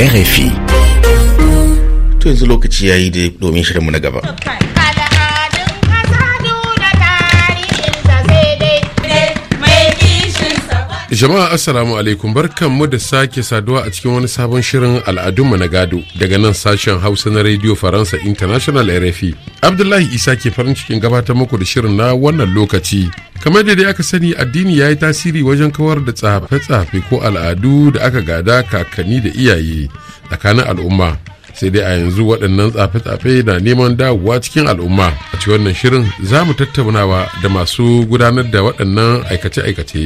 RFI. To yanzu lokaci yayi da domin shirinmu na gaba. Jama'a Assalamu alaikum barkanmu da sake saduwa a cikin wani sabon shirin al'adunmu na gado daga nan sashen Hausa na Radio Faransa International RFI. Abdullahi Isa ke farin cikin gabatar muku da shirin na wannan lokaci. Kamar da dai aka sani addini ya yi tasiri wajen kawar da tsafe-tsafe ko al'adu da aka gada kakanni da iyaye tsakanin al'umma. sai dai a yanzu waɗannan tsafe-tsafe na neman dawowa cikin al'umma a cikin wannan shirin za mu tattaunawa da masu gudanar da waɗannan aikace-aikace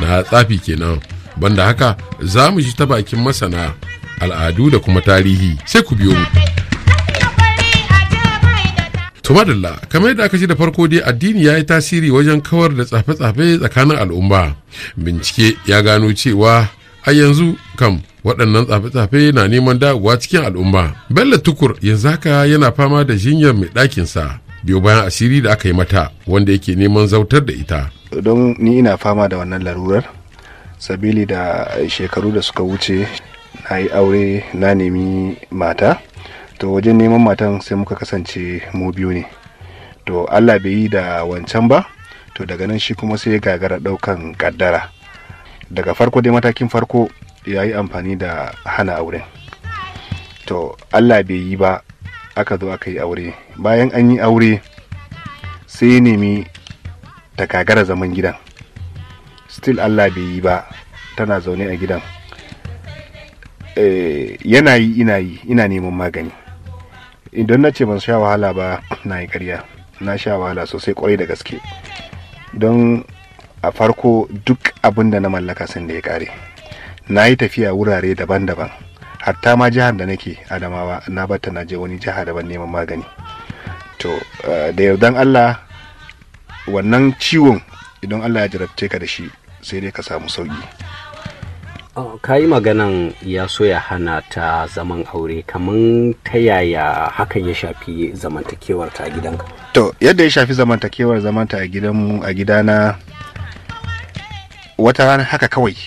na tsafi kenan banda haka za mu ji ta bakin masana al'adu da kuma tarihi sai ku biyo mu tumadalla kamar yadda aka ce da farko dai addini ya yi tasiri wajen kawar da tsafe-tsafe tsakanin al'umma bincike ya gano cewa a yanzu kam waɗannan tsafe-tsafe na neman dawowa cikin al'umma bello tukur yanzu haka yana fama da jinyar mai ɗakinsa biyo bayan asiri da aka yi mata wanda yake neman zautar da ita don ni ina fama da wannan larurar sabili da shekaru da suka wuce na yi aure na nemi mata to wajen neman matan sai muka kasance mu biyu ne to allah bai yi da wancan ba to daga nan shi kuma sai ya gagara ɗaukan kaddara daga farko dai matakin farko ya yi amfani da hana auren to allah bai yi ba aka zo aka yi aure bayan an yi aure sai ya nemi takagara zaman gidan still allah bai yi ba tana zaune a gidan eh, yana yi ina yi ina neman magani idan na ce ban sha wahala ba na yi karya na sha wahala sosai kwarai da gaske don a farko duk abin da na mallaka sun da ya kare na yi tafiya wurare daban-daban hatta ma jihar da nake adamawa na bata na je wani jiha daban neman magani to eh, da yardan allah wannan ciwon idan allah ya jarabce ka da shi sai dai ka samu sauki oh, ka yi maganan ya so ya hana ta zaman aure kamar ta yaya hakan ya shafi zamantakewar ta gidanka to yadda ya shafi zamantakewar zamanta a gidanmu a gidana wata rana haka kawai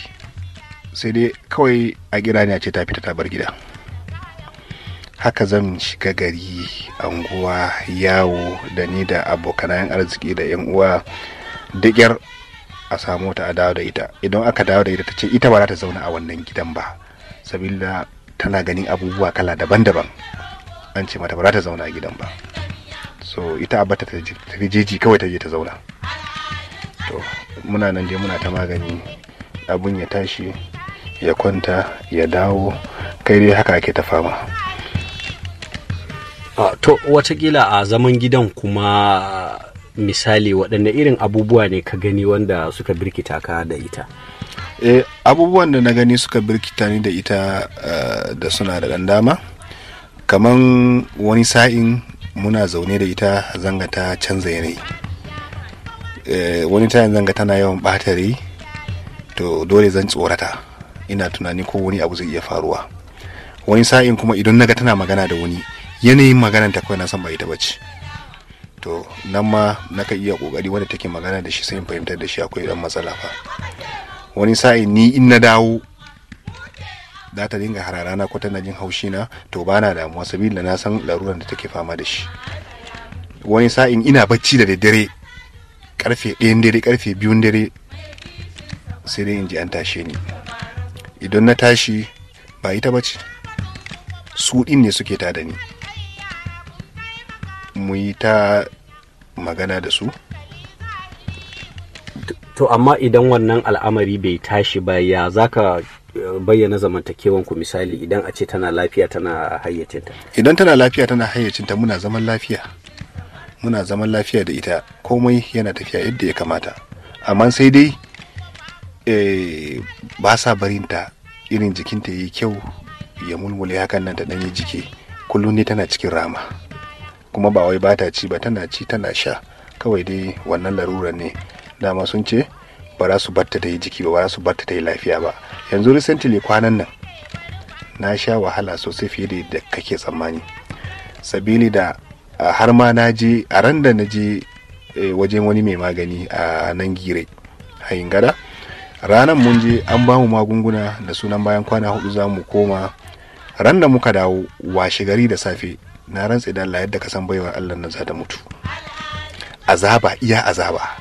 sai dai kawai a gida ne a ce ta fita ta bar gida haka zan shiga gari anguwa yawo da ni da abokanayen arziki da yan uwa digyar a samu ta a dawo da ita idan aka dawo da ita ta ce ita ba za ta zauna a wannan gidan ba sabila tana ganin abubuwa kala daban-daban an ce mata ba za ta zauna a gidan ba so ita a bata ta jeji kawai ta je ta zauna to muna nan dai muna ta magani abun ya tashi ya kwanta ya dawo kai dai haka ake ta fama ah, to watakila a zaman gidan kuma misali waɗanne irin abubuwa ne ka gani wanda suka birkita ka da ita e, abubuwan da na gani suka birkita ni da ita eh, da suna da ɗan dama kamar wani sa'in muna zaune da ita zanga ta canza yanayi eh, wani tayin zanga tana yawan ɓatare to dole zan tsorata ina tunani ko wani abu zai iya faruwa wani sa'in kuma idan naga tana magana da wani yanayin maganar ta kawai na san ba ita bace to nan ma naka iya kokari wanda take magana da shi sai fahimtar da shi akwai dan matsala fa wani sa'in ni in na dawo za ta dinga hararana ko tana jin haushi na to ba na damuwa sabida na san laruran da take fama da shi wani sa'in ina bacci da daddare karfe ɗayan dare karfe biyun dare sai dai in ji an tashe ni idan na tashi ba ita ba ce su ɗin ne suke tada ni mu yi ta magana da su to amma idan wannan al'amari bai tashi ba ya zaka eh, bayyana zamantakewan ku misali idan a ce tana lafiya tana hayyacinta idan tana lafiya tana hayyacinta muna zaman lafiya muna zaman lafiya da ita komai yana tafiya yadda ya kamata amma sai dai Eh, ba sa barinta irin jikinta yi kyau ya mulmule hakan nan ta ɗanyi jiki kullum ne tana cikin rama kuma ba wai ba ta ci ba tana ci tana sha kawai dai wannan larurar ne dama sun ce ba za su barta ta yi jiki ba ba za su batta ta yi lafiya ba yanzu recently kwanan nan na sha wahala sosai fiye da yadda kake tsammani sabili da har ma na je a ran da na je eh, wajen wani mai magani a nan gire hayin gada Ranan mun je an bamu magunguna da sunan bayan kwana hudu za mu koma ran da muka dawo washe gari da safe na rantse da Allah yadda ka san baiwar Allah na za ta mutu azaba iya azaba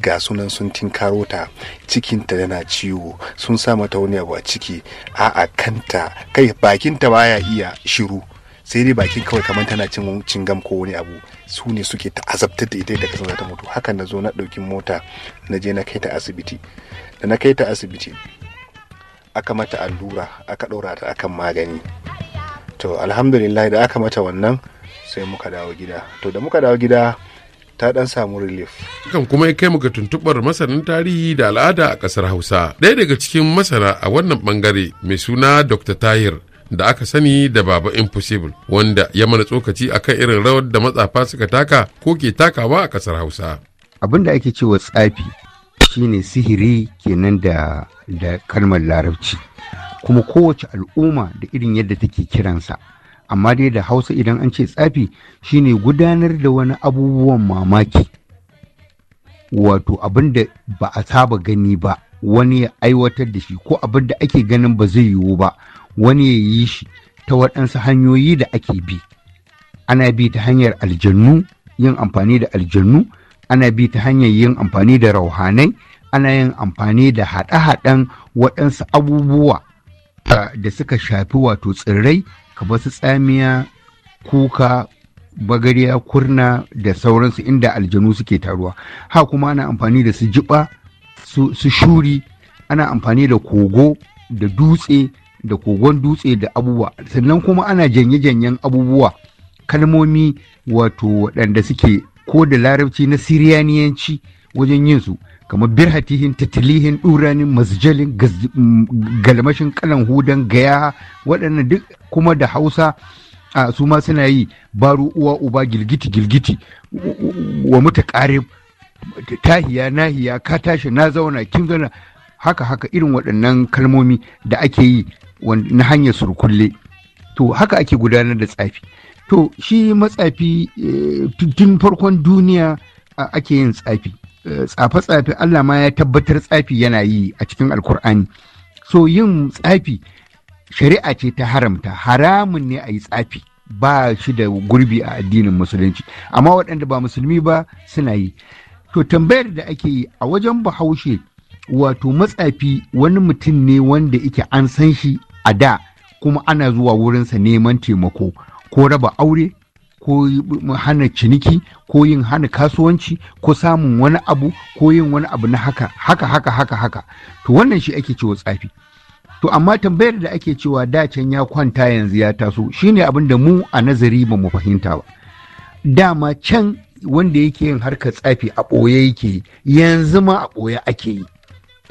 ga sunan sun tinkaro ta cikinta yana ciwo sun sa mata wani abu a ciki a'a kanta kai bakinta baya iya shiru sai dai bakin kawai kamar tana cin cingam ko wani abu su ne suke ta'azabtar da ita da kasan ta mutu haka na zo na ɗaukin mota na je na kai ta asibiti da na kai ta asibiti aka mata allura aka ɗora ta akan magani to alhamdulillah da aka mata wannan sai muka dawo gida to da muka dawo gida ta dan samu relief kan kuma ya kai muka tuntubar masanin tarihi da al'ada a kasar hausa ɗaya daga cikin masana a wannan bangare mai suna dr tahir da aka sani da Baba Impossible wanda ya mana tsokaci akan irin rawar da matsafa suka taka ko ke takawa a ƙasar Hausa. Abin da ake cewa tsafi shine sihiri kenan da da kalmar larabci kuma kowace al'umma da irin yadda take kiransa amma dai da hausa idan an ce tsafi shine gudanar da wani abubuwan mamaki wato abin da ba a saba gani ba wani ya aiwatar da shi ko abin da ake ganin ba zai yiwu ba wani ya yi shi ta waɗansu hanyoyi da ake bi ana bi ta hanyar aljannu yin amfani da aljannu ana bi ta hanyar yin amfani da rauhanai ana yin amfani da haɗe-haɗen waɗansu abubuwa da suka shafi wato tsirrai kamar su tsamiya kuka bagariya kurna da sauransu inda aljanu suke taruwa ha kuma ana amfani da su jiɓa su shuri ana amfani da kogo da dutse da kogon dutse da abubuwa sannan kuma ana janye-janyen abubuwa kalmomi wato waɗanda suke ko da larabci na siriyaniyanci wajen yin su kamar birhatihin tattalihin, ɗuranin masjalin mm, galmashin kalan hudan gaya waɗannan duk kuma da hausa a su ma suna yi baro uwa uba gilgiti gilgiti wa muta ƙarib tahiya nahiya ka tashi na zauna kin zauna haka haka irin waɗannan kalmomi da ake yi na hanyar surkulle to haka ake gudanar da tsafi to shi matsafi eh, tun farkon duniya ake yin tsafi eh, tsafe-tsafe Allah ma ya tabbatar tsafi yana yi a cikin alkur'ani so yin tsafi shari'a ce ta haramta haramun ne a yi tsafi ba shi da gurbi a addinin musulunci amma waɗanda ba musulmi ba suna yi to tambayar da ake yi a wajen bahaushe wato matsafi wani mutum ne wanda yake an san shi a da kuma ana zuwa wurinsa neman taimako ko raba aure ko hana ciniki ko yin hana kasuwanci ko samun wani abu ko yin wani abu na haka haka haka haka haka to wannan shi ake cewa tsafi to amma tambayar da ake cewa da can ya kwanta yanzu ya taso shine abin da mu a nazari ba mu fahimta ba dama can wanda yake yin harkar tsafi a ɓoye yake yanzu ma a ɓoye ake yi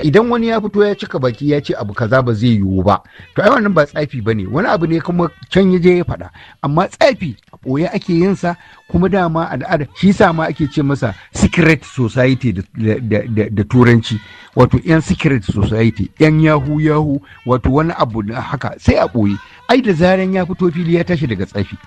idan wani ya fito ya cika baki ya ce abu kaza ba zai yiwu ba to ai wannan ba tsafi ba ne wani abu ne kuma can ya je ya faɗa amma tsafi a ɓoye ake yin sa kuma dama al'ada shi sa ma ake ce masa secret society da turanci wato yan secret society yan yahu yahu wato wani abu haka sai a ɓoye ai da zaran ya fito fili ya tashi daga tsafi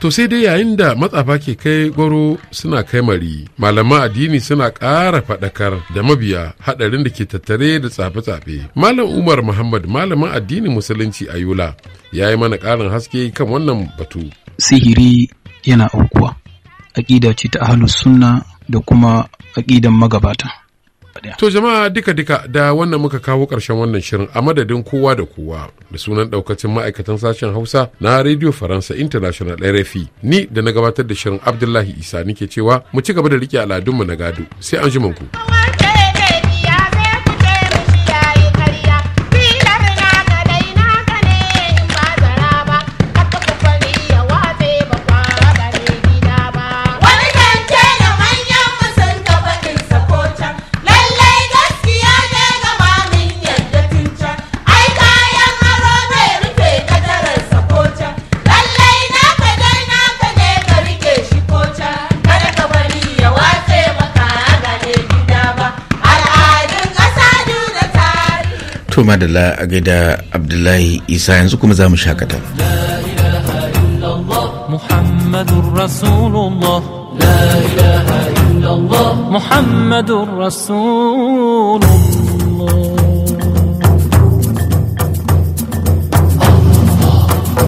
To sai dai yayin da matsafa ke kai gwaro suna kai mari, malaman addini suna ƙara faɗakar da mabiya haɗarin da ke tattare da tsafe-tsafe. Malam Umar Muhammad malamin addinin Musulunci a Yola ya yi mana ƙarin haske kan wannan batu. Sihiri yana aukuwa, aƙida ce ta ahlus sunna da kuma aƙidan magabata. To jama'a duka-duka da wannan muka kawo ƙarshen wannan shirin a madadin kowa da kowa da sunan ɗaukacin ma'aikatan sashen Hausa na Radio Faransa International RFI ni da na gabatar da shirin Abdullahi Isa nike cewa mu ci gaba da riƙe al'adunmu na gado sai an ji ku. madalla a gaida abdullahi isa yanzu kuma za mu shakata محمد رسول الله لا